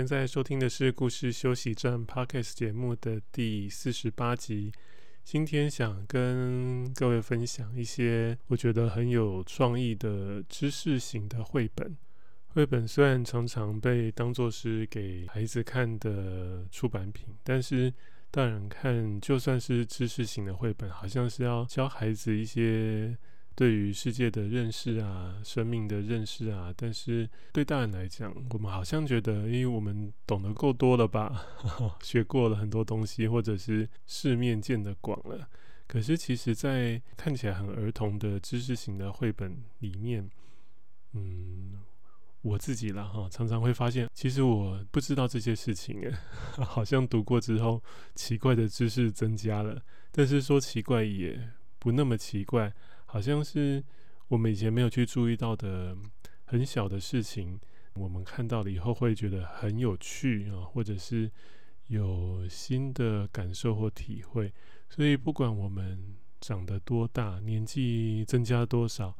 現在收聽的是《故事休息站》Podcast 節目的第四十八集。今天想跟各位分享一些我覺得很有創意的知識型的繪本。繪本雖然常常被當作是給孩子看的出版品，但是大人看，就算是知識型的繪本，好像是要教孩子一些。對於世界的認識啊，生命的認識啊，但是對大人來講，我們好像覺得，因為我們懂得夠多了吧， 學過了很多東西，或者是世面見得廣了。可是其實，在看起來很兒童的知識型的繪本裡面，嗯，我自己啦哈，常常會發現，其實我不知道這些事情耶， 好像讀過之後，奇怪的知識增加了，但是說奇怪也不那麼奇怪。好像是我們以前沒有去注意到的很小的事情，我們看到了以後會覺得很有趣啊，或者是有新的感受或體會。所以，不管我們長得多大，年紀增加多少，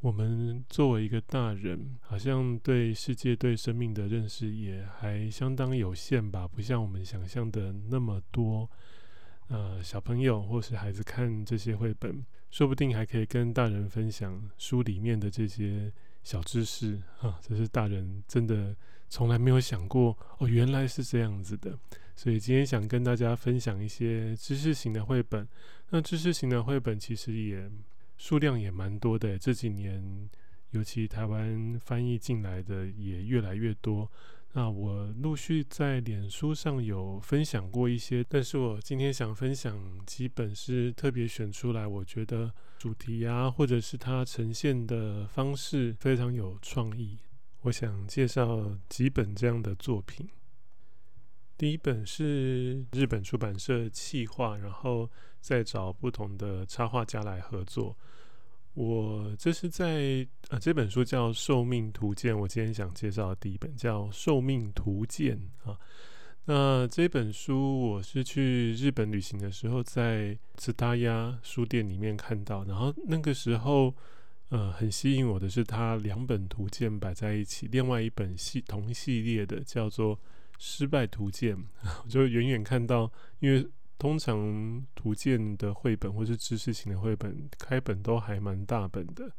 我們作為一個大人，好像對世界、對生命的認識也還相當有限吧，不像我們想象的那麼多。呃，小朋友或是孩子看這些繪本，說不定還可以跟大人分享書裡面的這些小知識啊！這是大人真的從來沒有想過哦，原來是這樣子的。所以今天想跟大家分享一些知識型的繪本。那知識型的繪本其實也數量也蠻多的，這幾年尤其台灣翻譯進來的也越來越多。那我陸續在臉書上有分享過一些，但是我今天想分享幾本是特別選出來，我覺得主題啊，或者是它呈現的方式非常有創意。我想介紹幾本這樣的作品。第一本是日本出版社企劃，然後再找不同的插畫家來合作。我這是在啊，這本書叫《壽命圖鑑》，我今天想介紹的第一本叫《壽命圖鑑》啊。那這本書我是去日本旅行的時候，在蔦屋書店裡面看到，然後那個時候呃，很吸引我的是它兩本圖鑑擺在一起，另外一本是同系列的叫做《失敗圖鑑》，我、啊，就遠遠看到，因為。通常圖鑑的繪本或是知識型的繪本，開本都還蠻大本的，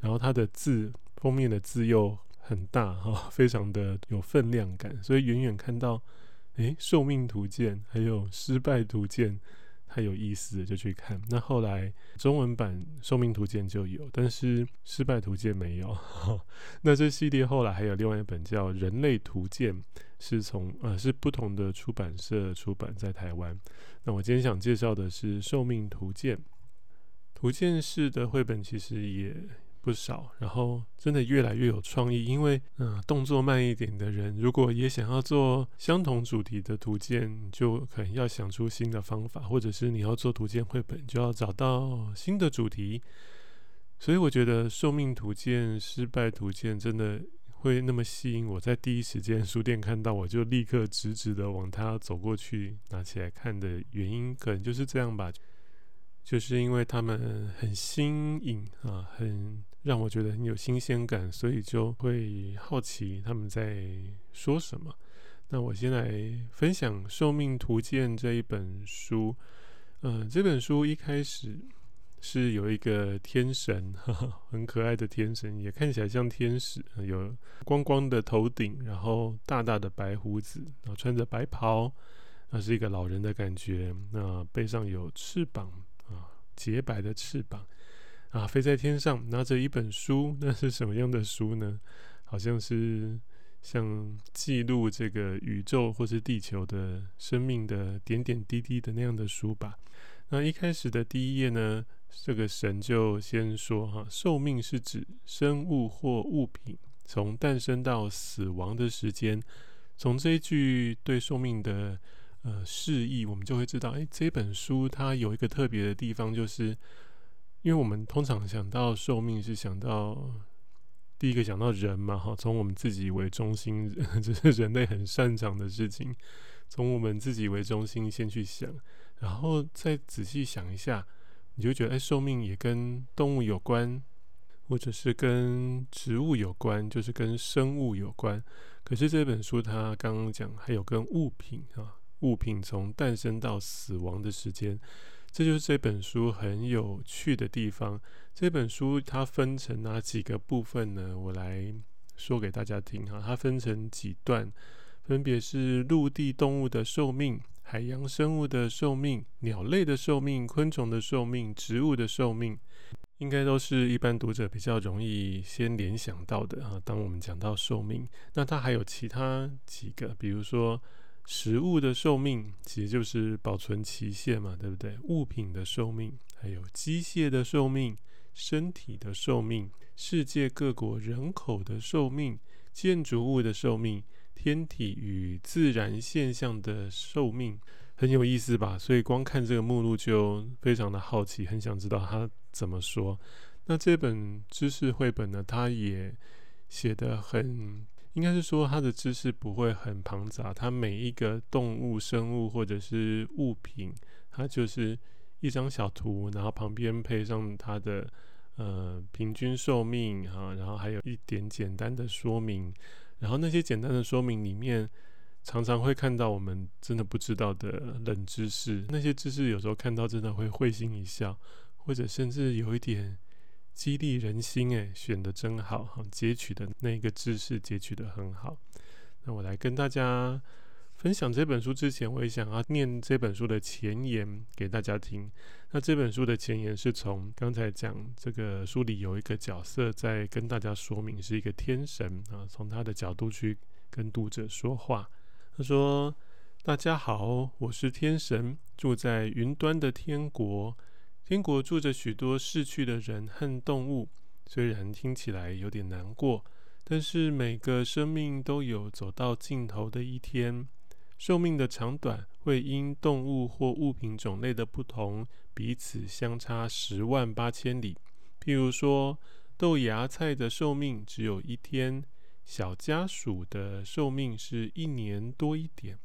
然後它的字封面的字又很大哈、哦，非常的有分量感，所以遠遠看到，誒、欸，壽命圖鑑還有失敗圖鑑，它有意思就去看。那後來中文版壽命圖鑑就有，但是失敗圖鑑沒有。那這系列後來還有另外一本叫《人類圖鑑》，是從呃是不同的出版社出版在台灣。那我今天想介紹的是《壽命圖鑑》，圖鑑式的繪本其實也不少，然後真的越來越有創意。因為，嗯、呃，動作慢一點的人，如果也想要做相同主題的圖鑑，就可能要想出新的方法，或者是你要做圖鑑繪本，就要找到新的主題。所以，我覺得《壽命圖鑑》《失敗圖鑑》真的。會那麼吸引我，在第一時間書店看到，我就立刻直直的往它走過去，拿起來看的原因，可能就是這樣吧，就是因為他們很新穎啊，很讓我覺得很有新鮮感，所以就會好奇他們在說什麼。那我先來分享《壽命圖鑑》這一本書，嗯，這本書一開始。是有一個天神，啊，很可愛的天神，也看起來像天使，有光光的頭頂，然後大大的白鬍子，然後穿着白袍，那是一個老人的感覺，那背上有翅膀啊，潔白的翅膀啊，飛在天上，拿着一本書，那是什麼樣的書呢？好像是像記錄這個宇宙或是地球的生命的點點滴滴的那樣的書吧。那一開始的第一頁呢？這個神就先說哈，壽命是指生物或物品從誕生到死亡的時間。從這一句對壽命的呃釋義，我們就會知道，哎，這本書它有一個特別的地方，就是因為我們通常想到壽命是想到第一個想到人嘛，哈，從我們自己為中心呵呵，這是人類很擅長的事情。從我們自己為中心先去想，然後再仔細想一下。你就覺得，哎，壽命也跟動物有關，或者是跟植物有關，就是跟生物有關。可是這本書它剛剛講，還有跟物品啊，物品從誕生到死亡的時間，這就是這本書很有趣的地方。這本書它分成哪幾個部分呢？我來說給大家聽哈，啊。它分成幾段，分別是陸地動物的壽命、海洋生物的壽命、鳥類的壽命、昆蟲的壽命、植物的壽命，應該都是一般讀者比較容易先聯想到的啊。當我們講到壽命，那它還有其他幾個，比如說食物的壽命，其實就是保存期限嘛，對不對？物品的壽命，還有機械的壽命、身體的壽命、世界各國人口的壽命、建築物的壽命。天體與自然現象的壽命很有意思吧？所以光看這個目錄就非常的好奇，很想知道它怎麼說。那這本知識繪本呢，它也寫得很，應該是說它的知識不會很龐雜，它每一個動物、生物或者是物品，它就是一張小圖，然後旁邊配上它的呃平均壽命啊，然後還有一點簡單的說明。然後那些簡單的說明裡面，常常會看到我們真的不知道的冷知識。那些知識有時候看到真的會會心一笑，或者甚至有一點激勵人心。哎，選的真好哈！截取的那個知識截取的很好。那我來跟大家分享這本書之前，我也想要念這本書的前言給大家聽。那這本書的前言是從剛才講這個書裡有一個角色在跟大家說明，是一個天神啊，從他的角度去跟讀者說話。他說：“大家好，我是天神，住在雲端的天國。天國住着許多逝去的人和動物，雖然聽起來有點難過，但是每個生命都有走到盡頭的一天。”壽命的長短會因動物或物品種類的不同，彼此相差十萬八千里。譬如說，豆芽菜的壽命只有一天；小家鼠的壽命是一年多一點；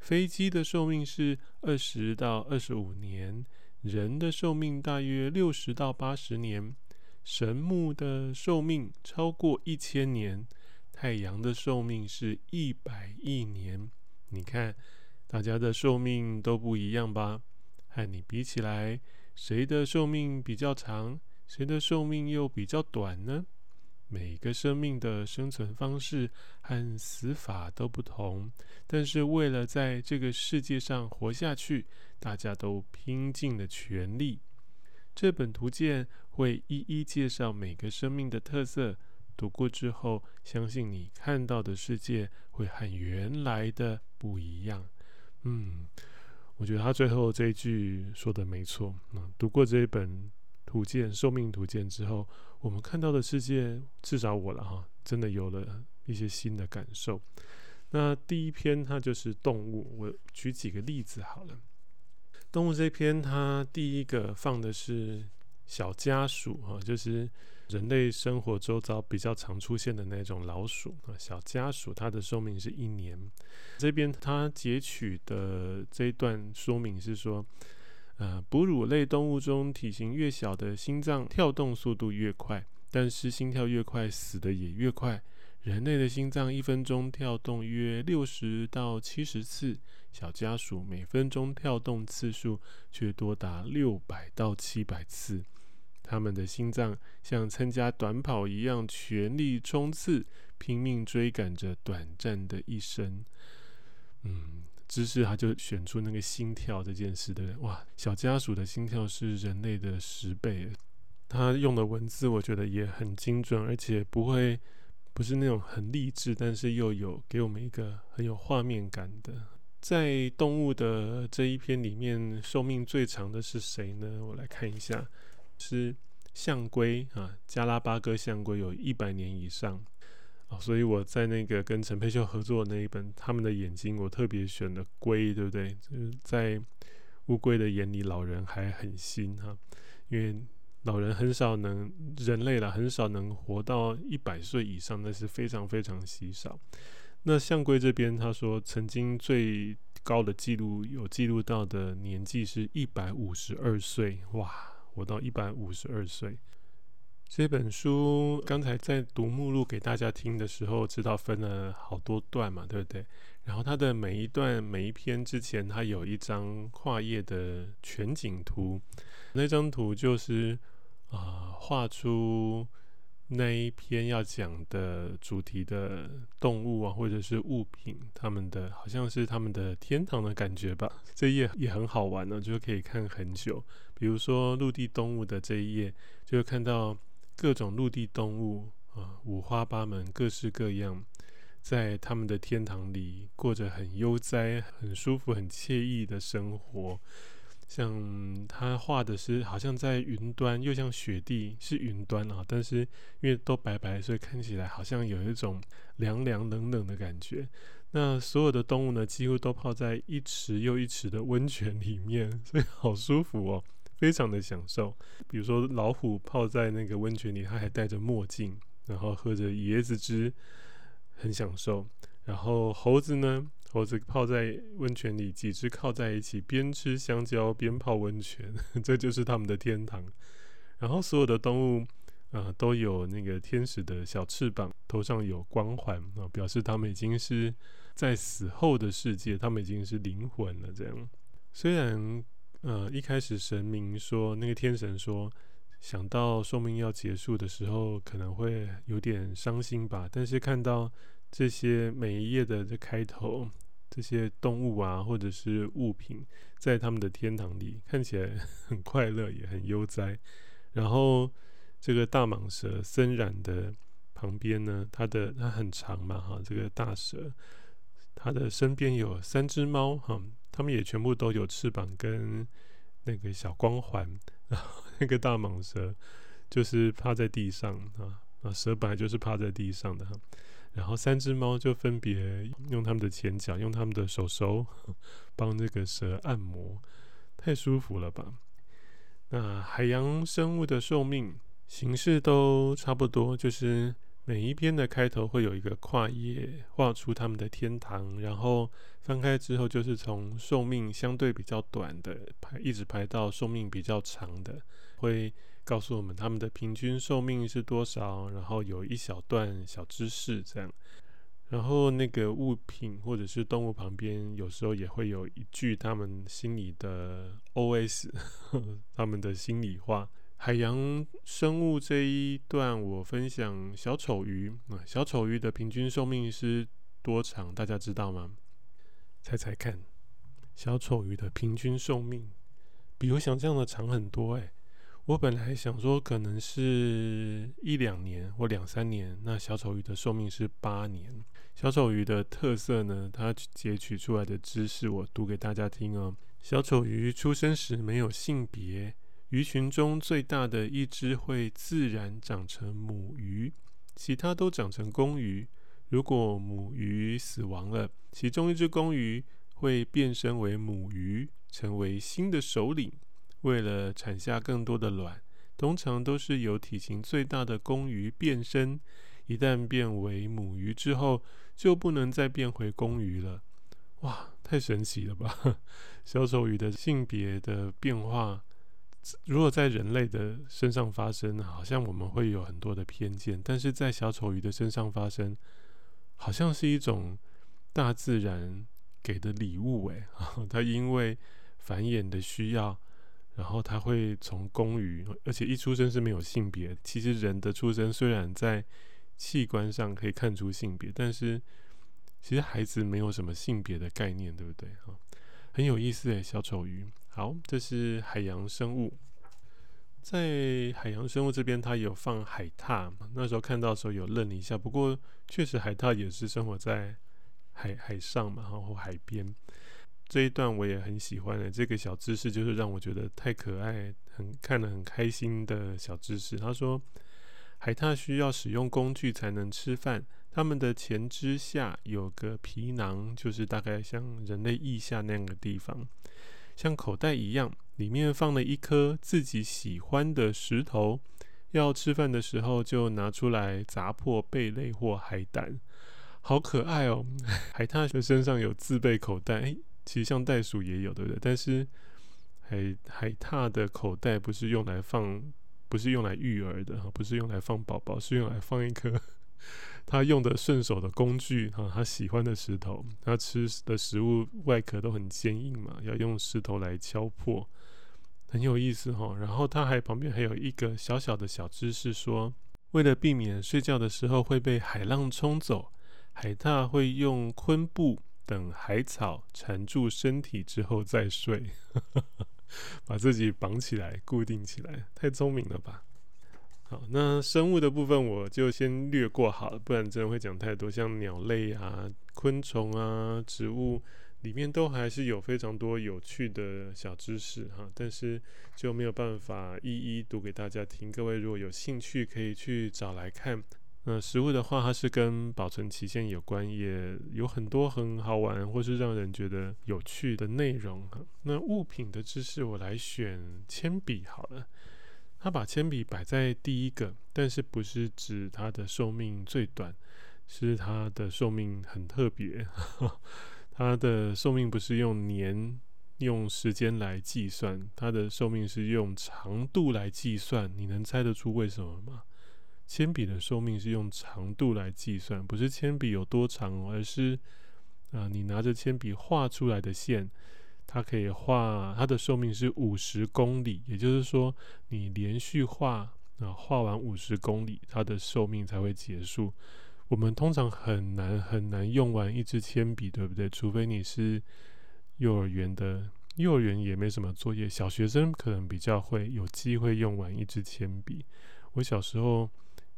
飛機的壽命是二十到二十五年；人的壽命大約六十到八十年；神木的壽命超過一千年；太陽的壽命是一百億年。你看，大家的壽命都不一樣吧？和你比起來，誰的壽命比較長？誰的壽命又比較短呢？每個生命的生存方式和死法都不同，但是為了在這個世界上活下去，大家都拼盡了全力。這本圖鑑會一一介紹每個生命的特色，讀過之後，相信你看到的世界會和原來的。不一樣，嗯，我覺得他最後這一句說的沒錯。嗯、啊，讀過這一本《圖鑑·壽命圖鑑》之後，我們看到的世界，至少我了哈、啊，真的有了一些新的感受。那第一篇它就是動物，我舉幾個例子好了。動物這篇，它第一個放的是小家鼠哈、啊，就是。人類生活周遭比較常出現的那種老鼠啊，小家鼠，它的壽命是一年。這邊它截取的這一段說明是說，呃，哺乳類動物中，體型越小的心臟跳動速度越快，但是心跳越快，死的也越快。人類的心臟一分鐘跳動約六十到七十次，小家鼠每分鐘跳動次數卻多達六百到七百次。他們的心臟像參加短跑一樣，全力衝刺，拼命追趕着短暫的一生。嗯，知識他就選出那個心跳這件事的人。哇，小家鼠的心跳是人類的十倍。他用的文字我覺得也很精準，而且不會不是那種很勵志，但是又有給我們一個很有畫面感的。在動物的這一篇裡面，壽命最長的是誰呢？我來看一下。是象龜啊，加拉巴哥象龜有一百年以上啊，所以我在那個跟陳佩秀合作的那一本《他們的眼睛》，我特別選了龜，對不對？就是在烏龜的眼裡，老人還很新哈，因為老人很少能人類了，很少能活到一百歲以上，那是非常非常稀少。那象龜這邊，他說曾經最高的記錄有記錄到的年紀是一百五十二歲，哇！活到一百五十二歲。這本書剛才在讀目錄給大家聽的時候，知道分了好多段嘛，對不對？然後它的每一段每一篇之前，它有一張跨頁的全景圖，那張圖就是啊畫、呃、出。那一篇要講的主題的動物啊，或者是物品，他們的好像是他們的天堂的感覺吧。這一頁也很好玩呢、啊，就是可以看很久。比如說陸地動物的這一頁，就會看到各種陸地動物啊，五花八門、各式各樣，在他們的天堂裡過着很悠哉、很舒服、很愜意的生活。像他畫的是，好像在雲端，又像雪地，是雲端啊。但是因為都白白，所以看起來好像有一種涼涼冷冷的感覺。那所有的動物呢，幾乎都泡在一池又一池的溫泉裡面，所以好舒服哦，非常的享受。比如說老虎泡在那個溫泉裡，牠還戴着墨鏡，然後喝着椰子汁，很享受。然後猴子呢？猴子泡在溫泉裡，幾隻靠在一起，邊吃香蕉邊泡溫泉呵呵，這就是他們的天堂。然後所有的動物，啊、呃，都有那個天使的小翅膀，頭上有光環啊、呃，表示他們已經是在死後的世界，他們已經是靈魂了。這樣，雖然呃一開始神明說那個天神說，想到壽命要結束的時候，可能會有點傷心吧，但是看到這些每一頁的這開頭。這些動物啊，或者是物品，在他們的天堂裡看起來很快樂，也很悠哉。然後這個大蟒蛇森染的旁邊呢，它的它很長嘛，哈，這個大蛇，它的身邊有三隻貓，哈，它們也全部都有翅膀跟那個小光環。然後那個大蟒蛇就是趴在地上啊，啊，蛇本來就是趴在地上的哈。然後三隻貓就分別用它們的前腳、用它們的手手，幫這個蛇按摩，太舒服了吧？那海洋生物的壽命形式都差不多，就是每一邊的開頭會有一個跨頁畫出它們的天堂，然後翻開之後就是從壽命相對比較短的排，一直排到壽命比較長的會。告訴我們他們的平均壽命是多少，然後有一小段小知識這樣，然後那個物品或者是動物旁邊有時候也會有一句他們心裡的 OS，呵，他們的心裡話。海洋生物這一段我分享小丑魚啊，小丑魚的平均壽命是多長？大家知道嗎？猜猜看，小丑魚的平均壽命比我想像的長很多哎、欸。我本來想說，可能是一兩年或兩三年。那小丑魚的壽命是八年。小丑魚的特色呢？它截取出來的知識，我讀給大家聽哦。小丑魚出生時沒有性別，魚群中最大的一隻會自然長成母魚，其他都長成公魚。如果母魚死亡了，其中一隻公魚會變身為母魚，成為新的首領。為了產下更多的卵，通常都是由體型最大的公魚變身。一旦變為母魚之後，就不能再變回公魚了。哇，太神奇了吧！小丑魚的性別的變化，如果在人類的身上發生，好像我們會有很多的偏見。但是在小丑魚的身上發生，好像是一種大自然給的禮物。哎、啊，它因為繁衍的需要。然後它會從公魚，而且一出生是沒有性別。其實人的出生雖然在器官上可以看出性別，但是其實孩子沒有什麼性別的概念，對不對？哈、哦，很有意思哎，小丑魚。好，這是海洋生物。在海洋生物這邊，它有放海獺嘛？那時候看到的時候有愣了一下，不過確實海獺也是生活在海海上嘛，然後海邊。這一段我也很喜歡、欸、這個小知識就是讓我覺得太可愛，很看了很開心的小知識。他說，海獺需要使用工具才能吃飯，它們的前肢下有個皮囊，就是大概像人類腋下那樣的地方，像口袋一樣，裡面放了一顆自己喜歡的石頭，要吃飯的時候就拿出來砸破貝類或海膽，好可愛哦、喔！ 海獺的身上有自備口袋，其實像袋鼠也有，對不對？但是海海獺的口袋不是用來放，不是用來育兒的哈，不是用來放寶寶，是用來放一顆他用的順手的工具哈，他喜歡的石頭，他吃的食物外殼都很堅硬嘛，要用石頭來敲破，很有意思哈、哦。然後他還旁邊還有一個小小的小知識說，為了避免睡覺的時候會被海浪沖走，海獺會用昆布。等海草纏住身體之後再睡， 把自己綁起來，固定起來，太聰明了吧？好，那生物的部分我就先略過好了，不然真的會講太多。像鳥類啊、昆蟲啊、植物裡面都還是有非常多有趣的小知識哈，但是就沒有辦法一一讀給大家聽。各位如果有興趣，可以去找來看。呃、嗯，食物的話，它是跟保存期限有關，也有很多很好玩或是讓人覺得有趣的內容哈。那物品的知識，我來選鉛筆好了。它把鉛筆擺在第一個，但是不是指它的壽命最短，是它的壽命很特別。它 的壽命不是用年、用時間來計算，它的壽命是用長度來計算。你能猜得出為什麼嗎？鉛筆的壽命是用長度來計算，不是鉛筆有多長哦，而是啊，呃，你拿着鉛筆畫出來的線，它可以畫，它的壽命是五十公里，也就是說，你連續畫啊，呃，畫完五十公里，它的壽命才會結束。我們通常很難很難用完一支鉛筆，對不對？除非你是幼兒園的，幼兒園也沒什麼作業，小學生可能比較會有機會用完一支鉛筆。我小時候。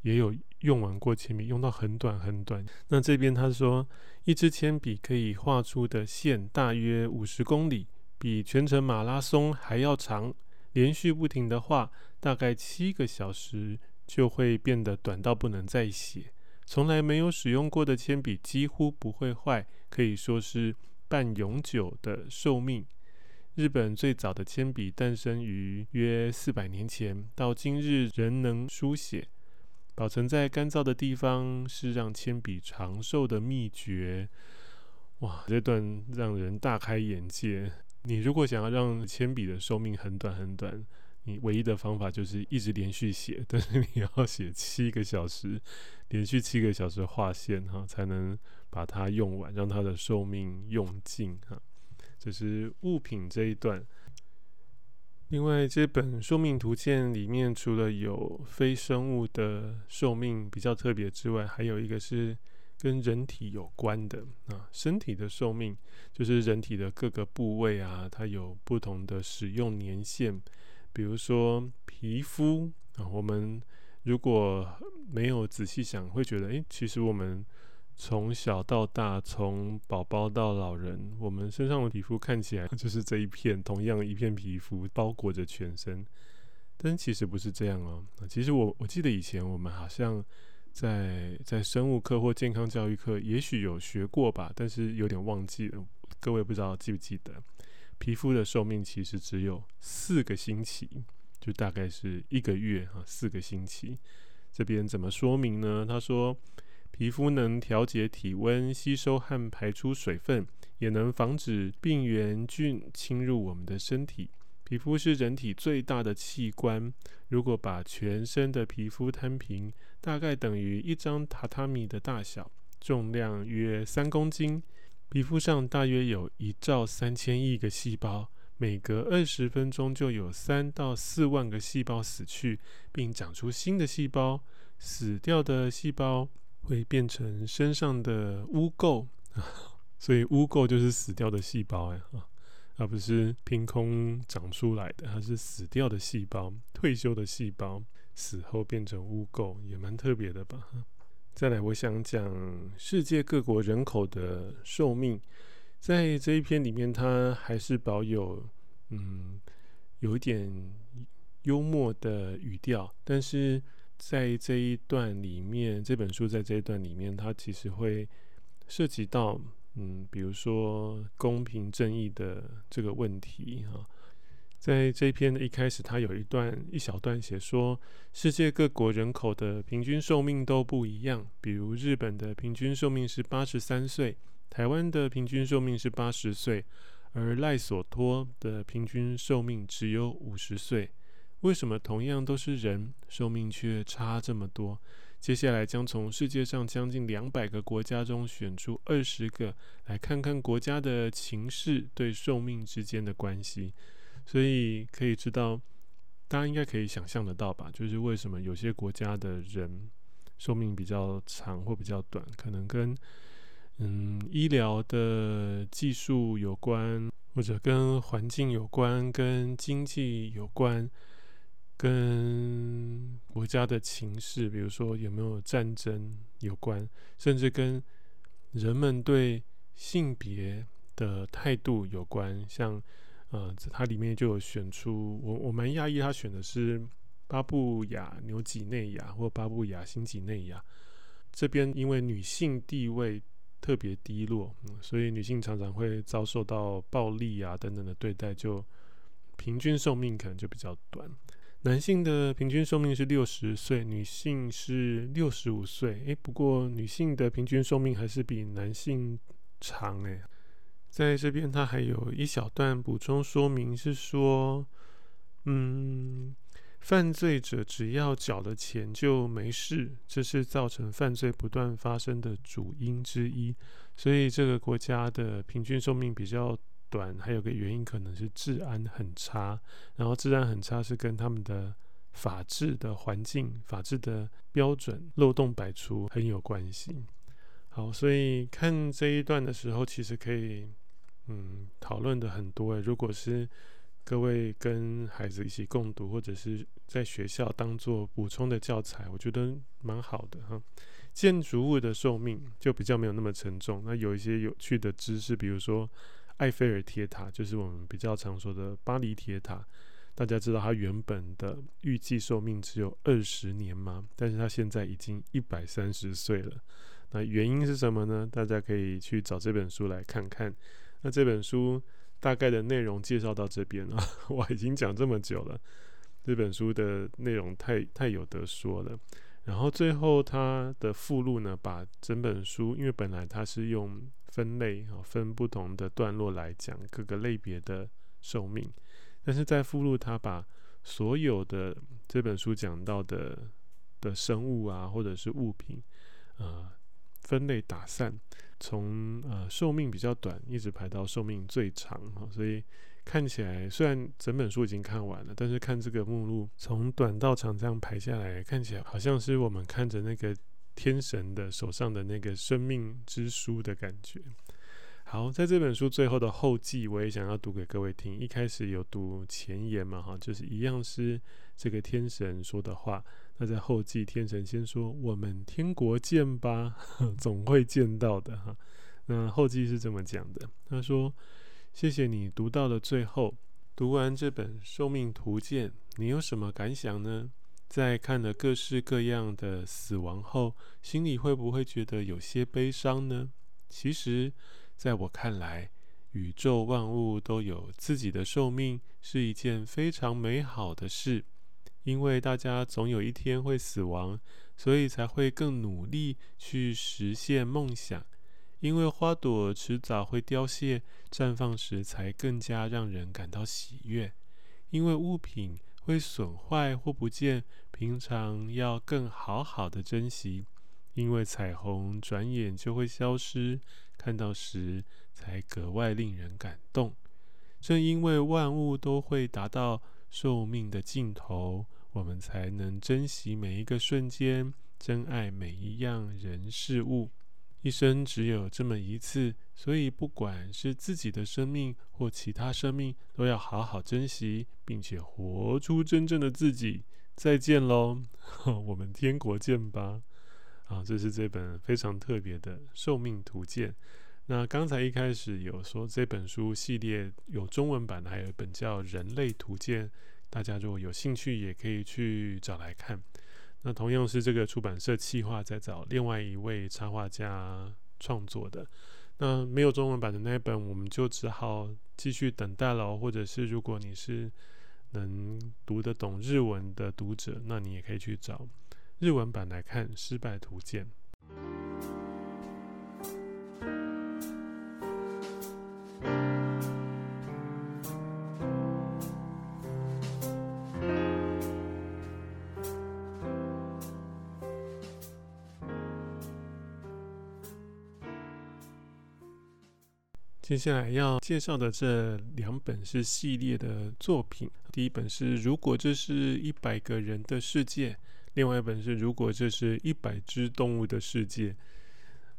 也有用完過鉛筆，用到很短很短。那這邊他說，一支鉛筆可以畫出的線大約五十公里，比全程馬拉松還要長。連續不停地畫，大概七個小時就會變得短到不能再寫。從來沒有使用過的鉛筆幾乎不會壞，可以說是半永久的壽命。日本最早的鉛筆誕生於約四百年前，到今日仍能書寫。保存在乾燥的地方是讓鉛筆長壽的秘訣。哇，這段讓人大開眼界。你如果想要讓鉛筆的壽命很短很短，你唯一的方法就是一直連續寫，但、就是你要寫七個小時，連續七個小時畫線哈，才能把它用完，讓它的壽命用盡哈。就是物品這一段。另外，因為這本壽命圖鑑裡面，除了有非生物的壽命比較特別之外，還有一個是跟人體有關的啊，身體的壽命就是人體的各個部位啊，它有不同的使用年限，比如說皮膚啊，我們如果沒有仔細想，會覺得誒，其實我們。從小到大，從寶寶到老人，我們身上的皮膚看起來就是這一片，同樣一片皮膚包裹着全身，但其實不是這樣哦。其實我我記得以前我們好像在在生物課或健康教育課，也許有學過吧，但是有點忘記了。各位不知道記不記得，皮膚的壽命其實只有四個星期，就大概是一個月啊，四個星期。這邊怎麼說明呢？他說。皮膚能調節體溫、吸收和排出水分，也能防止病原菌侵入我們的身體。皮膚是人體最大的器官。如果把全身的皮膚攤平，大概等於一張榻榻米的大小，重量約三公斤。皮膚上大約有一兆三千億個細胞，每隔二十分鐘就有三到四萬個細胞死去，並長出新的細胞。死掉的細胞，會變成身上的污垢， 所以污垢就是死掉的細胞、欸，呀。啊，而不是憑空長出來的，它是死掉的細胞、退休的細胞，死後變成污垢，也蠻特別的吧？再來，我想講世界各國人口的壽命，在這一篇裡面，它還是保有嗯有點幽默的語調，但是。在這一段裡面，這本書在這一段裡面，它其實會涉及到，嗯，比如說公平正義的這個問題哈。在這一篇的一開始，它有一段一小段寫說，世界各國人口的平均壽命都不一樣，比如日本的平均壽命是八十三歲，台灣的平均壽命是八十歲，而賴索托的平均壽命只有五十歲。為什麼同樣都是人，壽命卻差這麼多？接下來將從世界上將近兩百個國家中選出二十個，來看看國家的情勢對壽命之間的關係。所以可以知道，大家應該可以想象得到吧？就是為什麼有些國家的人壽命比較長或比較短，可能跟嗯醫療的技術有關，或者跟環境有關，跟經濟有關。跟國家的情勢，比如說有沒有戰爭有關，甚至跟人們對性別的態度有關。像，呃，它裡面就有選出我我蠻訝異，它選的是巴布亞紐幾內亞或巴布亞新幾內亞這邊，因為女性地位特別低落，所以女性常常會遭受到暴力啊等等的對待，就平均壽命可能就比較短。男性的平均壽命是六十歲，女性是六十五歲。誒、欸，不過女性的平均壽命還是比男性長誒、欸。在這邊，他還有一小段補充說明，是說，嗯，犯罪者只要繳了錢就沒事，這是造成犯罪不斷發生的主因之一。所以，這個國家的平均壽命比較。還有個原因可能是治安很差，然後治安很差是跟他們的法治的環境、法治的標準漏洞百出很有關係。好，所以看這一段的時候，其實可以嗯討論的很多哎，如果是各位跟孩子一起共讀，或者是在學校當做補充的教材，我覺得蠻好的哈。建築物的壽命就比較沒有那麼沉重，那有一些有趣的知識，比如說。埃菲爾鐵塔就是我們比較常說的巴黎鐵塔。大家知道它原本的預計壽命只有二十年嗎？但是它現在已經一百三十歲了。那原因是什麼呢？大家可以去找這本書來看看。那這本書大概的內容介紹到這邊了。 我已經講這麼久了，這本書的內容太太有得說了。然後最後它的附錄呢，把整本書，因為本來它是用。分類啊，分不同的段落來講各個類別的壽命，但是在附錄，他把所有的這本書講到的的生物啊，或者是物品，啊、呃，分類打散，從呃壽命比較短，一直排到壽命最長哈，所以看起來雖然整本書已經看完了，但是看這個目錄，從短到長這樣排下來，看起來好像是我們看着那個。天神的手上的那個生命之書的感覺，好，在這本書最後的後記，我也想要讀給各位聽。一開始有讀前言嘛，哈，就是一樣是這個天神說的話。那在後記，天神先說：“我們天國見吧， 總會見到的。”哈，那後記是這麼講的，他說：“謝謝你讀到了最後，讀完這本《壽命圖鑑》，你有什麼感想呢？”在看了各式各樣的死亡後，心裡會不會覺得有些悲傷呢？其實，在我看來，宇宙萬物都有自己的壽命，是一件非常美好的事。因為大家總有一天會死亡，所以才會更努力去實現夢想。因為花朵遲早會凋謝，綻放時才更加讓人感到喜悅。因為物品會損壞或不見，平常要更好好的珍惜，因為彩虹轉眼就會消失，看到時才格外令人感動。正因為萬物都會達到壽命的盡頭，我們才能珍惜每一個瞬間，珍愛每一樣人事物。一生只有這麼一次，所以不管是自己的生命或其他生命，都要好好珍惜，並且活出真正的自己。再見嘍，我們天國見吧。啊，這是這本非常特別的《壽命圖鑑》。那剛才一開始有說這本書系列有中文版的，還有一本叫《人類圖鑑》，大家如果有興趣，也可以去找來看。那同樣是這個出版社企劃在找另外一位插畫家創作的，那沒有中文版的那本，我們就只好繼續等待囉。或者是如果你是能讀得懂日文的讀者，那你也可以去找日文版來看《失敗圖鑑》。接下來要介紹的這兩本是系列的作品，第一本是《如果這是一百個人的世界》，另外一本是《如果這是一百隻動物的世界》。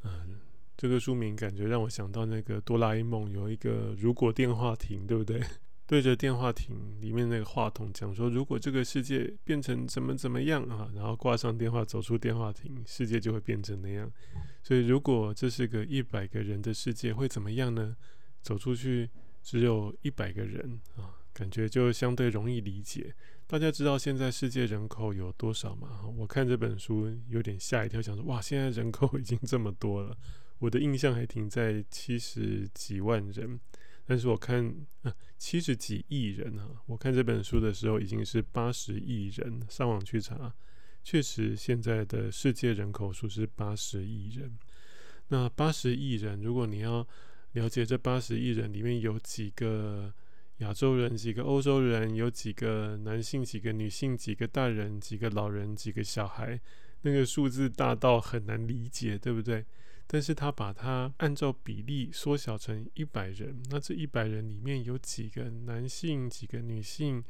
嗯，這個書名感覺讓我想到那個《哆啦 A 夢》有一個“如果電話亭”，對不對？對着電話亭裡面那個話筒講說：“如果這個世界變成怎麼怎麼樣啊。然後掛上電話，走出電話亭，世界就會變成那樣。所以，如果這是個一百個人的世界，會怎麼樣呢？走出去只有一百個人啊，感覺就相對容易理解。大家知道現在世界人口有多少嗎？我看這本書有點嚇一跳，想說哇，現在人口已經這麼多了。我的印象還停在七十幾萬人。”但是我看啊，七十幾億人啊！我看這本書的時候已經是八十億人。上網去查，確實現在的世界人口數是八十億人。那八十億人，如果你要了解這八十億人裡面有幾個亞洲人、幾個歐洲人、有幾個男性、幾個女性、幾個大人、幾個老人、幾個小孩，那個數字大到很難理解，對不對？但是他把它按照比例縮小成一百人，那這一百人裡面有幾個男性、幾個女性、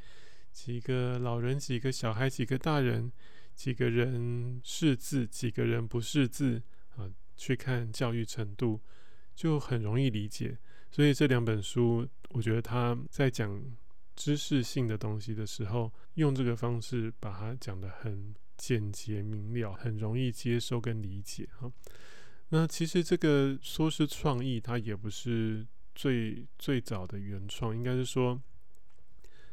幾個老人、幾個小孩、幾個大人、幾個人識字、幾個人不識字啊，去看教育程度，就很容易理解。所以這兩本書，我覺得他在講知識性的東西的時候，用這個方式把它講得很簡潔明了，很容易接受跟理解哈。啊那其實這個說是創意，它也不是最最早的原創，應該是說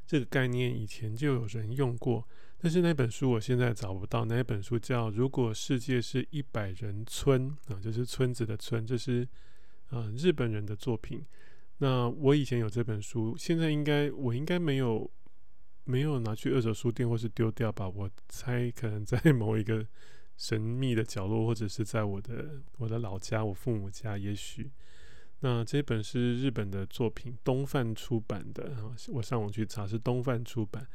這個概念以前就有人用過。但是那本書我現在找不到，那本書叫《如果世界是一百人村》啊、呃，就是村子的村，這是啊、呃，日本人的作品。那我以前有這本書，現在應該我應該沒有沒有拿去二手書店或是丟掉吧？我猜可能在某一個。神秘的角落，或者是在我的我的老家，我父母家，也許。那這本是日本的作品，東販出版的。我上網去查，是東販出版。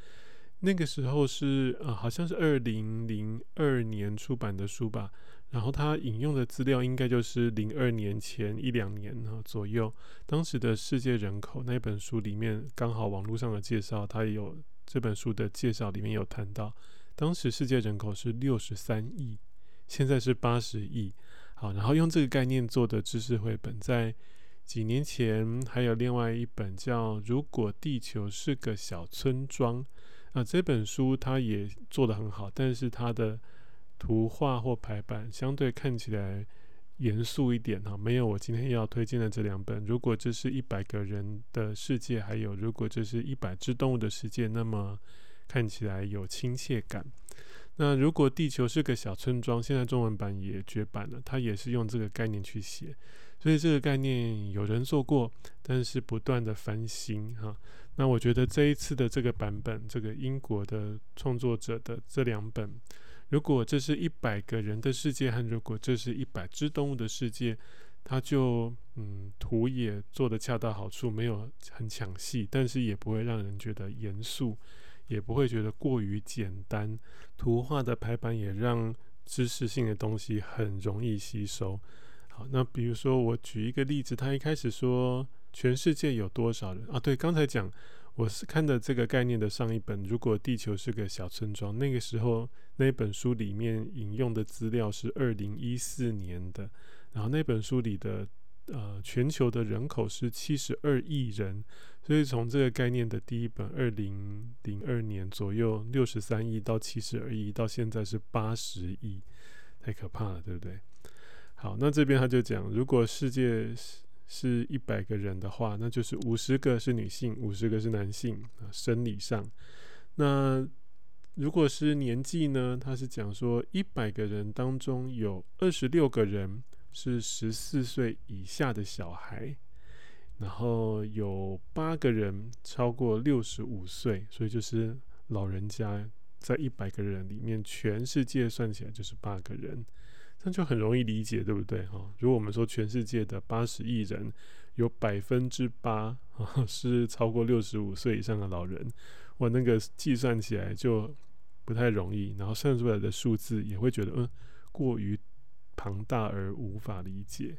那個時候是、啊、好像是二零零二年出版的書吧。然後他引用的資料應該就是零二年前一兩年左右。當時的世界人口，那本書裡面剛好網絡上的介紹，他也有這本書的介紹裡面有談到。當時世界人口是六十三億，現在是八十億。好，然後用這個概念做的知識繪本，在幾年前還有另外一本叫《如果地球是個小村莊》，那、呃、這本書它也做得很好，但是它的圖畫或排版相對看起來嚴肅一點哈，沒有我今天要推薦的這兩本。如果這是一百個人的世界，還有如果這是一百只動物的世界，那麼。看起來有親切感。那如果地球是個小村莊，現在中文版也絕版了，它也是用這個概念去寫，所以這個概念有人做過，但是不斷的翻新哈、啊。那我覺得這一次的這個版本，這個英國的創作者的這兩本，如果這是一百個人的世界，和如果這是一百隻動物的世界，它就嗯圖也做得恰到好處，沒有很搶戲，但是也不會讓人覺得嚴肅。也不會覺得過於簡單，圖畫的排版也讓知識性的東西很容易吸收。好，那比如說我舉一個例子，他一開始說全世界有多少人啊？對，剛才講我是看的這個概念的上一本，如果地球是個小村莊，那個時候那本書裡面引用的資料是二零一四年的，然後那本書裡的。呃，全球的人口是七十二億人，所以從這個概念的第一本二零零二年左右六十三億到七十二億，到現在是八十億，太可怕了，對不對？好，那這邊他就講，如果世界是一百個人的話，那就是五十個是女性，五十個是男性啊，生理上。那如果是年紀呢？他是講說一百個人當中有二十六個人。是十四歲以下的小孩，然後有八個人超過六十五歲，所以就是老人家在一百個人裡面，全世界算起來就是八個人，那就很容易理解，對不對？哈，如果我們說全世界的八十億人有百分之八是超過六十五歲以上的老人，我那個計算起來就不太容易，然後算出來的數字也會覺得嗯過於。龐大而無法理解。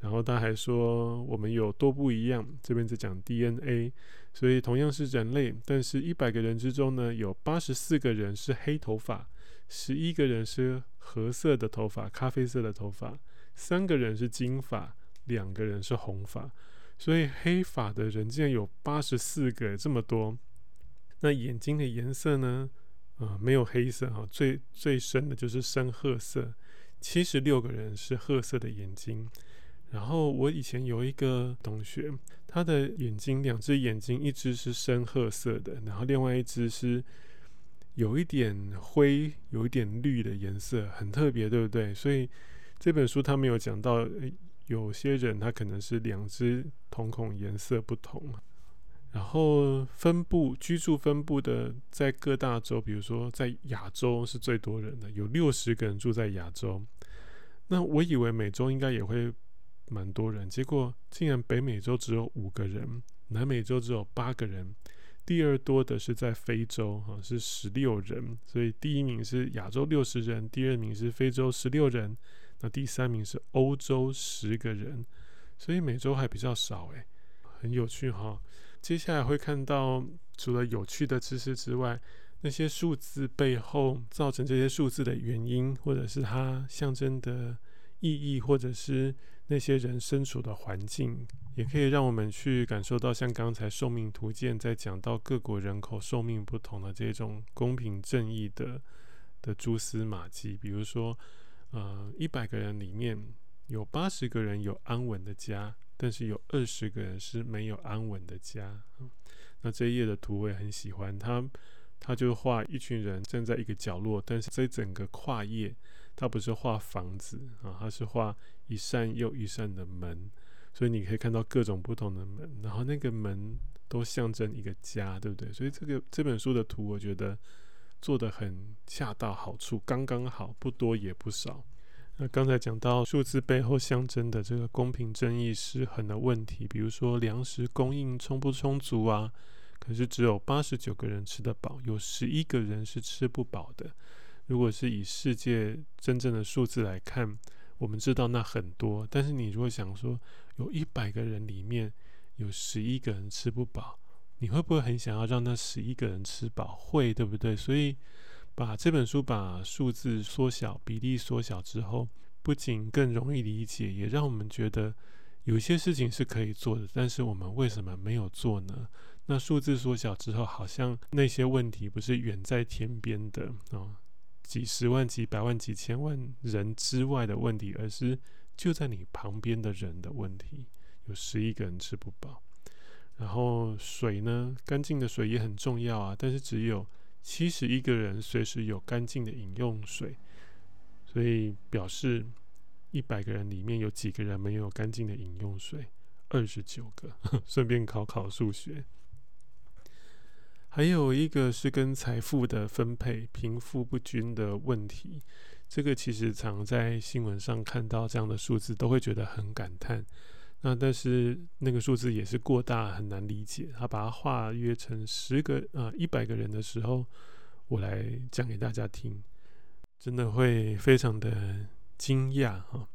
然後他還說，我們有多不一樣。這邊在講 DNA，所以同樣是人類，但是一百個人之中呢，有八十四個人是黑頭髮，十一個人是褐色的頭髮、咖啡色的頭髮，三個人是金髮，兩個人是紅髮。所以黑髮的人竟然有八十四個，這麼多。那眼睛的顏色呢？啊、呃，沒有黑色哈，最最深的就是深褐色。七十六個人是褐色的眼睛，然後我以前有一個同學，他的眼睛兩只眼睛一只是深褐色的，然後另外一只是有一點灰、有一點綠的顏色，很特別，對不對？所以這本書他沒有講到，有些人他可能是兩只瞳孔顏色不同。然後分布居住分布的在各大洲，比如說在亞洲是最多人的，有六十個人住在亞洲。那我以為美洲應該也會蠻多人，結果竟然北美洲只有五個人，南美洲只有八個人。第二多的是在非洲，哈，是十六人。所以第一名是亞洲六十人，第二名是非洲十六人，那第三名是歐洲十個人。所以美洲還比較少，欸，誒，很有趣，哦，哈。接下來會看到，除了有趣的知識之外，那些數字背後造成這些數字的原因，或者是它象徵的意義，或者是那些人身處的環境，也可以讓我們去感受到，像剛才《壽命圖鑑》在講到各國人口壽命不同的這種公平正義的的蛛絲馬跡，比如說，呃，一百個人裡面有八十個人有安穩的家。但是有二十個人是沒有安穩的家。那這一頁的圖我也很喜歡，他他就畫一群人站在一個角落，但是這整個跨頁，他不是畫房子啊，他是畫一扇又一扇的門，所以你可以看到各種不同的門，然後那個門都象徵一個家，對不對？所以這個這本書的圖，我覺得做得很恰到好處，剛剛好，不多也不少。那剛才講到數字背後象徵的這個公平、正義、失衡的問題，比如說糧食供應充不充足啊？可是只有八十九個人吃得飽，有十一個人是吃不飽的。如果是以世界真正的數字來看，我們知道那很多。但是你如果想說，有一百個人裡面有十一個人吃不飽，你會不會很想要讓那十一個人吃飽？會，對不對？所以。把這本書把數字縮小、比例縮小之後，不僅更容易理解，也讓我們覺得有些事情是可以做的。但是我們為什麼沒有做呢？那數字縮小之後，好像那些問題不是遠在天邊的啊、哦，幾十萬、幾百萬、幾千萬人之外的問題，而是就在你旁邊的人的問題。有十一個人吃不飽，然後水呢？乾淨的水也很重要啊，但是只有。七十一個人隨時有乾淨的飲用水，所以表示一百個人裡面有幾個人沒有乾淨的飲用水，二十九個。順便考考數學。還有一個是跟財富的分配、貧富不均的問題。這個其實常在新聞上看到這樣的數字，都會覺得很感嘆。那、啊、但是那個數字也是過大，很難理解。他把它化約成十個啊，一、呃、百個人的時候，我來講給大家聽，真的會非常的驚訝哈。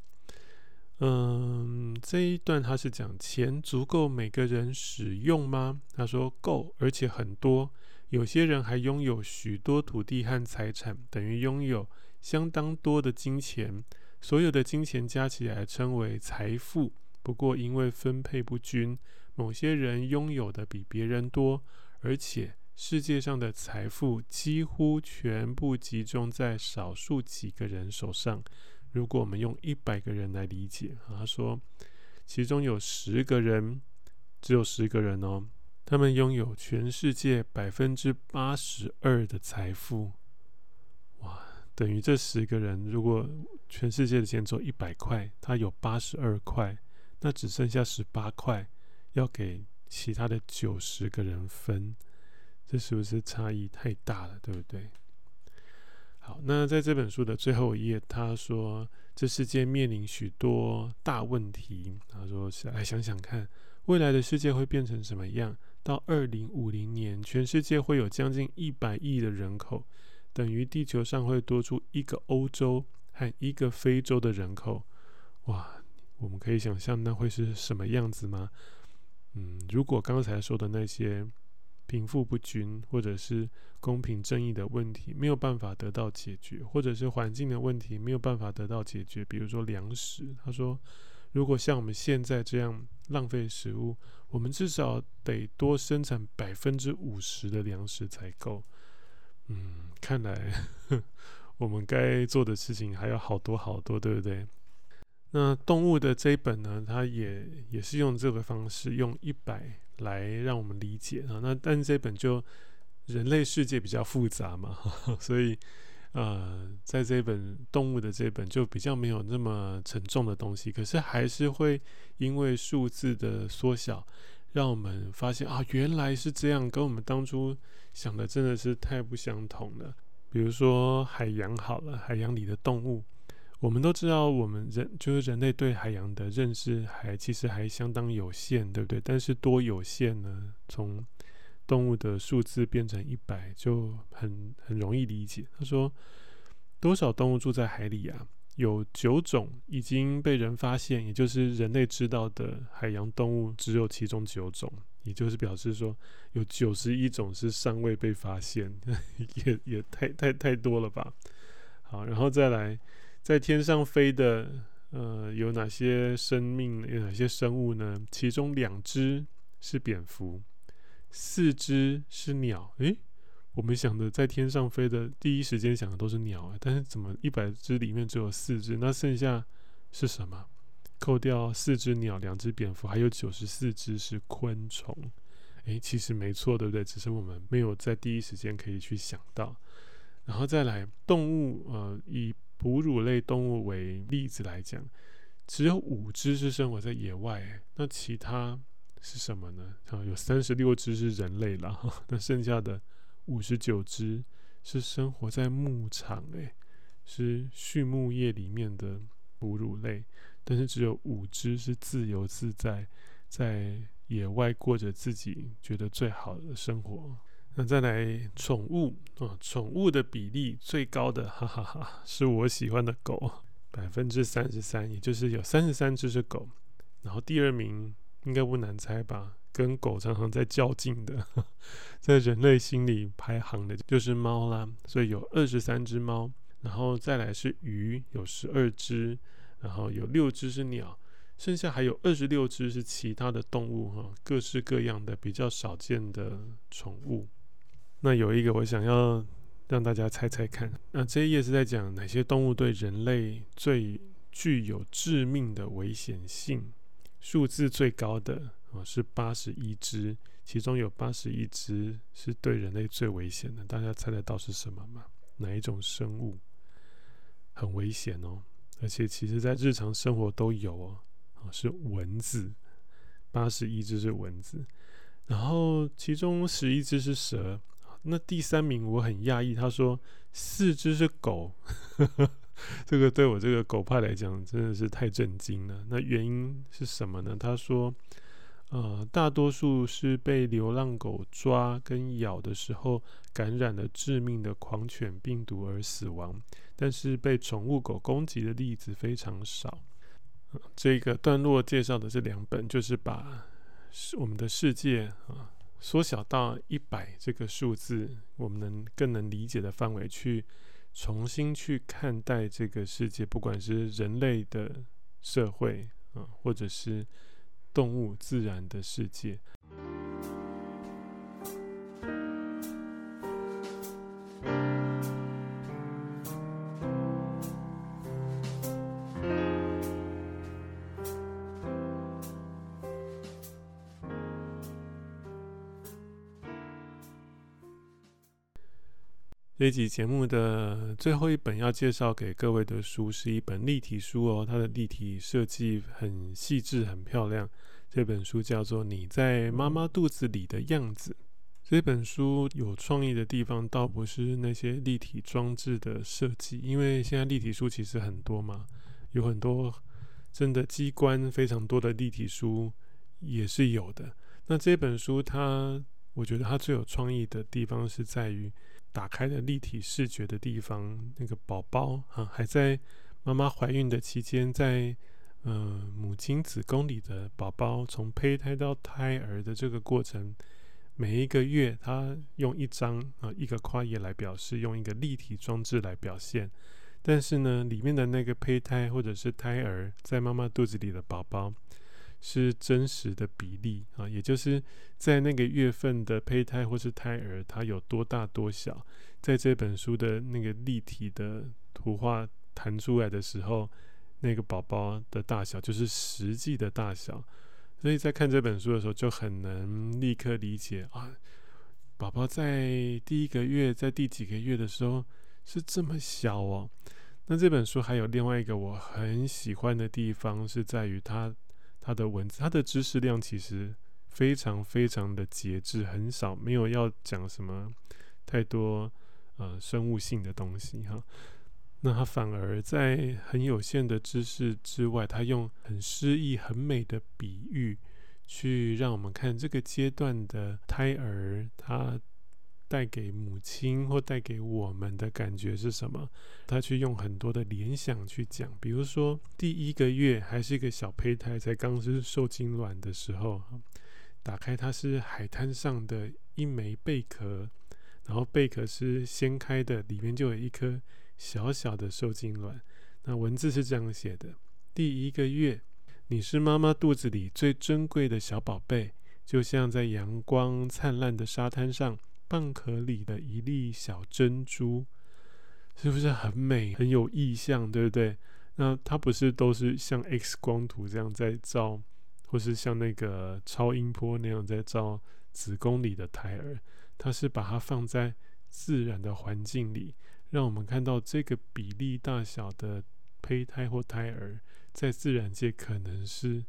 嗯，這一段他是講錢足夠每個人使用嗎？他說夠，而且很多。有些人還擁有許多土地和財產，等於擁有相當多的金錢。所有的金錢加起來稱為財富。不過，因為分配不均，某些人擁有的比別人多，而且世界上的財富幾乎全部集中在少數幾個人手上。如果我們用一百個人來理解，他說其中有十個人，只有十個人哦，他們擁有全世界百分之八十二的財富。哇，等於這十個人，如果全世界的錢只有一百塊，他有八十二塊。那只剩下十八塊，要給其他的九十個人分，這是不是差異太大了？對不對？好，那在這本書的最後一頁，他說這世界面臨許多大問題。他說：“想來想想看，未來的世界會變成什麼樣？到二零五零年，全世界會有將近一百億的人口，等於地球上會多出一個歐洲和一個非洲的人口。”哇！我們可以想象那會是什麼樣子嗎？嗯，如果剛才說的那些貧富不均或者是公平正義的問題沒有辦法得到解決，或者是環境的問題沒有辦法得到解決，比如說糧食，他說，如果像我們現在這樣浪費食物，我們至少得多生產百分之五十的糧食才夠。嗯，看來，呵，我們該做的事情還有好多好多，對不對？那動物的這一本呢，它也也是用這個方式，用一百來讓我們理解啊。那但這本就人類世界比較複雜嘛，呵呵，所以呃，在這本動物的這本就比較沒有那麼沉重的東西。可是還是會因為數字的縮小，讓我們發現啊，原來是這樣，跟我們當初想的真的是太不相同了。比如說海洋好了，海洋裡的動物。我們都知道，我們人就是人類對海洋的認識還其實還相當有限，對不對？但是多有限呢？從動物的數字變成一百就很很容易理解。他說，多少動物住在海裡啊？有九種已經被人發現，也就是人類知道的海洋動物只有其中九種，也就是表示說有九十一種是尚未被發現， 也也太太太多了吧？好，然後再來。在天上飛的，呃，有哪些生命？有哪些生物呢？其中兩只是蝙蝠，四只是鳥。誒、欸，我們想的在天上飛的第一時間想的都是鳥啊，但是怎麼一百隻裡面只有四隻？那剩下是什麼？扣掉四隻鳥、兩隻蝙蝠，還有九十四隻是昆蟲。誒、欸，其實沒錯，對不對？只是我們沒有在第一時間可以去想到。然後再來動物，呃，以。哺乳類動物為例子來講，只有五只是生活在野外、欸，那其他是什麼呢？啊，有三十六只是人類啦。那剩下的五十九只是生活在牧場、欸，誒，是畜牧業裡面的哺乳類，但是只有五只是自由自在，在野外過着自己覺得最好的生活。那再來寵物啊，寵物的比例最高的哈，哈哈哈，是我喜歡的狗，百分之三十三，也就是有三十三隻是狗。然後第二名應該不難猜吧？跟狗常常在較勁的，在人類心裡排行的就是貓啦，所以有二十三隻貓。然後再來是魚，有十二隻，然後有六隻是鳥，剩下還有二十六隻是其他的動物哈，各式各樣的比較少見的寵物。那有一個，我想要讓大家猜猜看。那這一頁是在講哪些動物對人類最具有致命的危險性？數字最高的啊是八十一隻，其中有八十一隻是對人類最危險的。大家猜得到是什麼嗎？哪一種生物很危險哦？而且其實在日常生活都有哦。啊，是蚊子，八十一隻是蚊子，然後其中十一隻是蛇。那第三名我很訝異，他說四只是狗， 這個對我這個狗派來講真的是太震驚了。那原因是什麼呢？他說，呃，大多數是被流浪狗抓跟咬的時候感染了致命的狂犬病毒，而死亡，但是被寵物狗攻擊的例子非常少。呃，這個段落介紹的這兩本，就是把我們的世界啊。呃縮小到一百這個數字，我們能更能理解的範圍去重新去看待這個世界，不管是人類的社會啊、呃，或者是動物、自然的世界。這集節目的最後一本要介紹給各位的書是一本立體書哦，它的立體設計很細緻、很漂亮。這本書叫做《你在媽媽肚子裡的樣子》。這本書有創意的地方倒不是那些立體裝置的設計，因為現在立體書其實很多嘛，有很多真的機關非常多的立體書也是有的。那這本書它，我覺得它最有創意的地方是在於。打開的立體視覺的地方，那個寶寶啊，還在媽媽懷孕的期間，在嗯、呃、母親子宮裡的寶寶，從胚胎到胎兒的這個過程，每一個月，他用一張啊一個跨頁來表示，用一個立體裝置來表現。但是呢，裡面的那個胚胎或者是胎兒，在媽媽肚子裡的寶寶。是真實的比例啊，也就是在那個月份的胚胎或是胎兒，它有多大多小。在這本書的那個立體的圖畫彈出來的時候，那個寶寶的大小就是實際的大小。所以在看這本書的時候，就很能立刻理解啊，寶寶在第一個月，在第幾個月的時候是這麼小哦。那這本書還有另外一個我很喜歡的地方，是在於它。他的文字，他的知識量其實非常非常的節制，很少，沒有要講什麼太多呃生物性的東西哈。那他反而在很有限的知識之外，他用很詩意、很美的比喻，去讓我們看這個階段的胎兒，他。帶給母親或帶給我們的感覺是什麼？他去用很多的聯想去講，比如說第一個月還是一個小胚胎，在剛是受精卵的時候，打開它是海灘上的一枚貝殼，然後貝殼是掀開的，裡面就有一顆小小的受精卵。那文字是這樣寫的：第一個月，你是媽媽肚子裡最珍貴的小寶貝，就像在陽光燦爛的沙灘上。蚌殼裡的一粒小珍珠，是不是很美，很有意象，對不對？那它不是都是像 X 光圖這樣在照，或是像那個超音波那樣在照子宮裡的胎兒？它是把它放在自然的環境裡，讓我們看到這個比例大小的胚胎或胎兒，在自然界可能是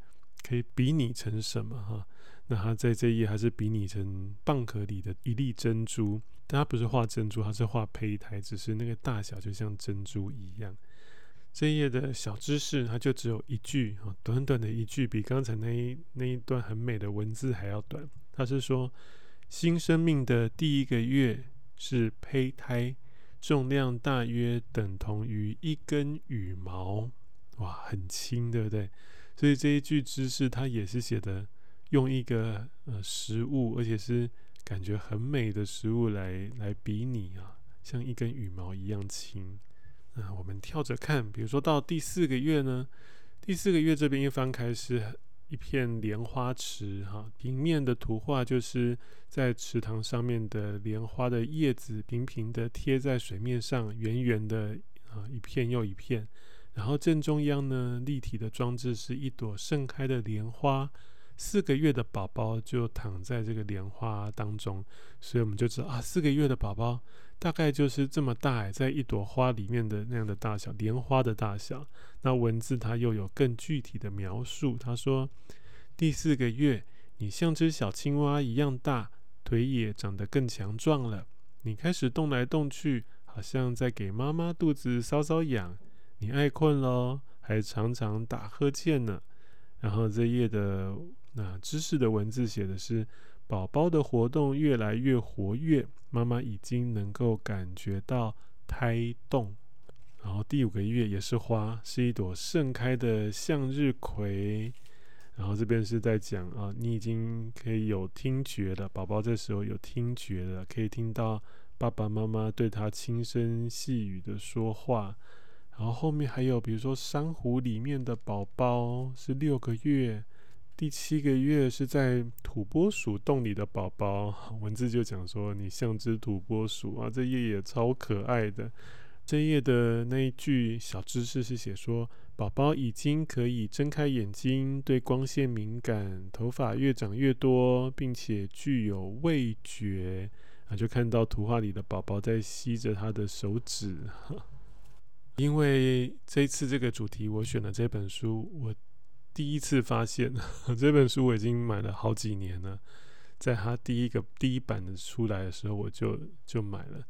可以比擬成什麼？哈。那他在這一頁還是比擬成蚌殼裡的一粒珍珠，但他不是畫珍珠，他是畫胚胎，只是那個大小就像珍珠一樣。這一頁的小知識，它就只有一句啊，短短的一句，比剛才那一那一段很美的文字還要短。它是說，新生命的第一個月是胚胎，重量大約等同於一根羽毛，哇，很輕，對不對？所以這一句知識，它也是寫的。用一個呃食物，而且是感覺很美的食物來來比擬啊，像一根羽毛一樣輕。那我們跳着看，比如說到第四個月呢，第四個月這邊一翻開是一片蓮花池哈、啊，平面的圖畫就是在池塘上面的蓮花的葉子平平的貼在水面上，圓圓的啊一片又一片，然後正中央呢，立體的裝置是一朵盛開的蓮花。四個月的寶寶就躺在這個蓮花當中，所以我們就知道啊，四個月的寶寶大概就是這麼大，在一朵花裡面的那樣的大小，蓮花的大小。那文字它又有更具體的描述，他說：第四個月，你像只小青蛙一樣大，腿也長得更強壯了，你開始動來動去，好像在給媽媽肚子搔搔癢。你愛困嘍，還常常打呵欠呢。然後這頁的。那知識的文字寫的是，寶寶的活動越來越活躍，媽媽已經能夠感覺到胎動。然後第五個月也是花，是一朵盛開的向日葵。然後這邊是在講啊，你已經可以有聽覺了，寶寶這時候有聽覺了，可以聽到爸爸媽媽對他輕聲細語的說話。然後後面還有比如說珊瑚裡面的寶寶是六個月。第七個月是在土撥鼠洞裡的寶寶，文字就講說你像隻土撥鼠啊，這頁也超可愛的。這頁的那一句小知識是寫說寶寶已經可以睜開眼睛，對光線敏感，頭髮越長越多，並且具有味覺啊，就看到圖畫裡的寶寶在吸着他的手指。因為這次這個主題，我選了這本書，我。第一次發現呵呵，這本書，我已經買了好幾年了。在他第一個第一版的出來的時候，我就就買了，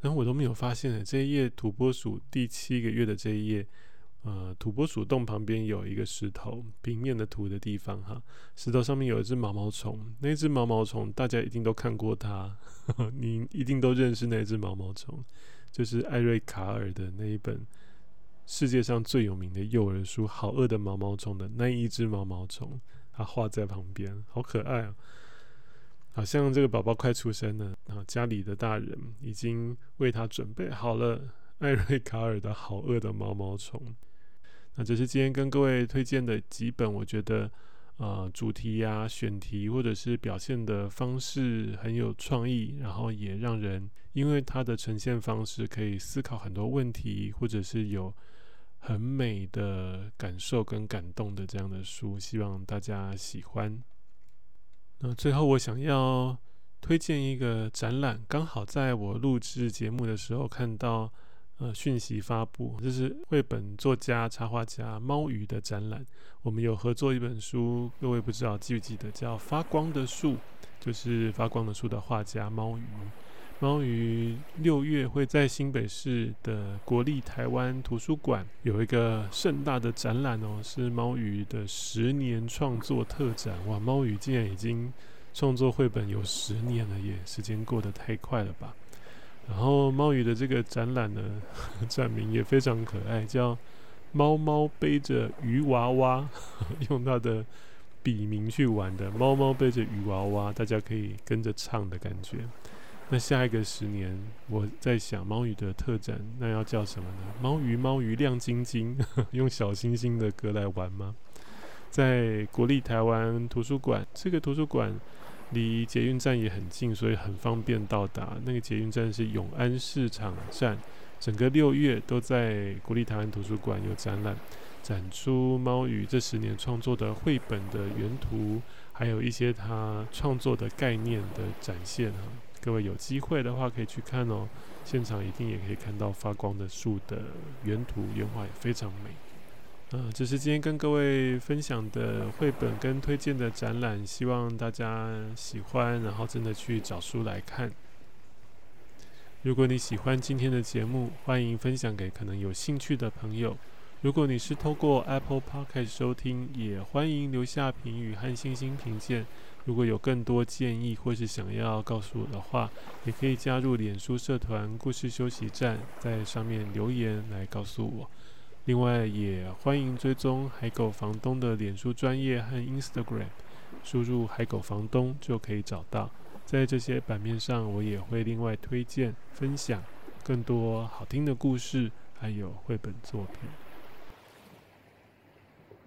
然後我都沒有發現誒，這一頁土撥鼠第七個月的這一頁，呃，土撥鼠洞旁邊有一個石頭平面的土的地方哈，石頭上面有一隻毛毛蟲，那隻毛毛蟲大家一定都看過它，你一定都認識那隻毛毛蟲，就是艾瑞卡爾的那一本。世界上最有名的幼兒書《好餓的毛毛蟲》的那一只毛毛蟲，它畫在旁邊，好可愛啊！好像這個寶寶快出生了，那家裡的大人已經為他準備好了艾瑞卡爾的《好餓的毛毛蟲》。那這是今天跟各位推薦的幾本，我覺得啊、呃，主題呀、啊、選題或者是表現的方式很有創意，然後也讓人因為它的呈現方式可以思考很多問題，或者是有。很美的感受跟感動的這樣的書，希望大家喜歡。那最後我想要推薦一個展覽，剛好在我錄製節目的時候看到呃訊息發布，就是繪本作家插畫家貓魚的展覽。我們有合作一本書，各位不知道記不記得，叫《發光的樹》，就是《發光的樹》的畫家貓魚。貓魚六月會在新北市的國立台灣圖書館有一個盛大的展覽哦，是貓魚的十年創作特展。哇，貓魚竟然已經創作繪本有十年了耶，時間過得太快了吧！然後貓魚的這個展覽呢，展名也非常可愛，叫《貓貓背着魚娃娃》呵呵，用他的筆名去玩的《貓貓背着魚娃娃》，大家可以跟着唱的感覺。那下一個十年，我在想貓魚的特展，那要叫什麼呢？貓魚，貓魚亮晶晶，呵呵，用小星星的歌來玩嗎？在國立臺灣圖書館，這個圖書館離捷運站也很近，所以很方便到達。那個捷運站是永安市場站。整個六月都在國立臺灣圖書館有展覽，展出貓魚這十年創作的繪本的原圖，還有一些他創作的概念的展現哈！各位有機會的話可以去看哦，現場一定也可以看到發光的樹的原圖原畫也非常美。嗯，這是今天跟各位分享的繪本跟推薦的展覽，希望大家喜歡，然後真的去找書來看。如果你喜歡今天的節目，歡迎分享給可能有興趣的朋友。如果你是透過 Apple Podcast 收聽，也歡迎留下評語和星星評鑑。如果有更多建議或是想要告訴我的話，也可以加入臉書社團“故事休息站”，在上面留言來告訴我。另外，也歡迎追蹤海狗房東的臉書專頁和 Instagram，輸入“海狗房東”就可以找到。在這些版面上，我也會另外推薦分享更多好聽的故事，還有繪本作品。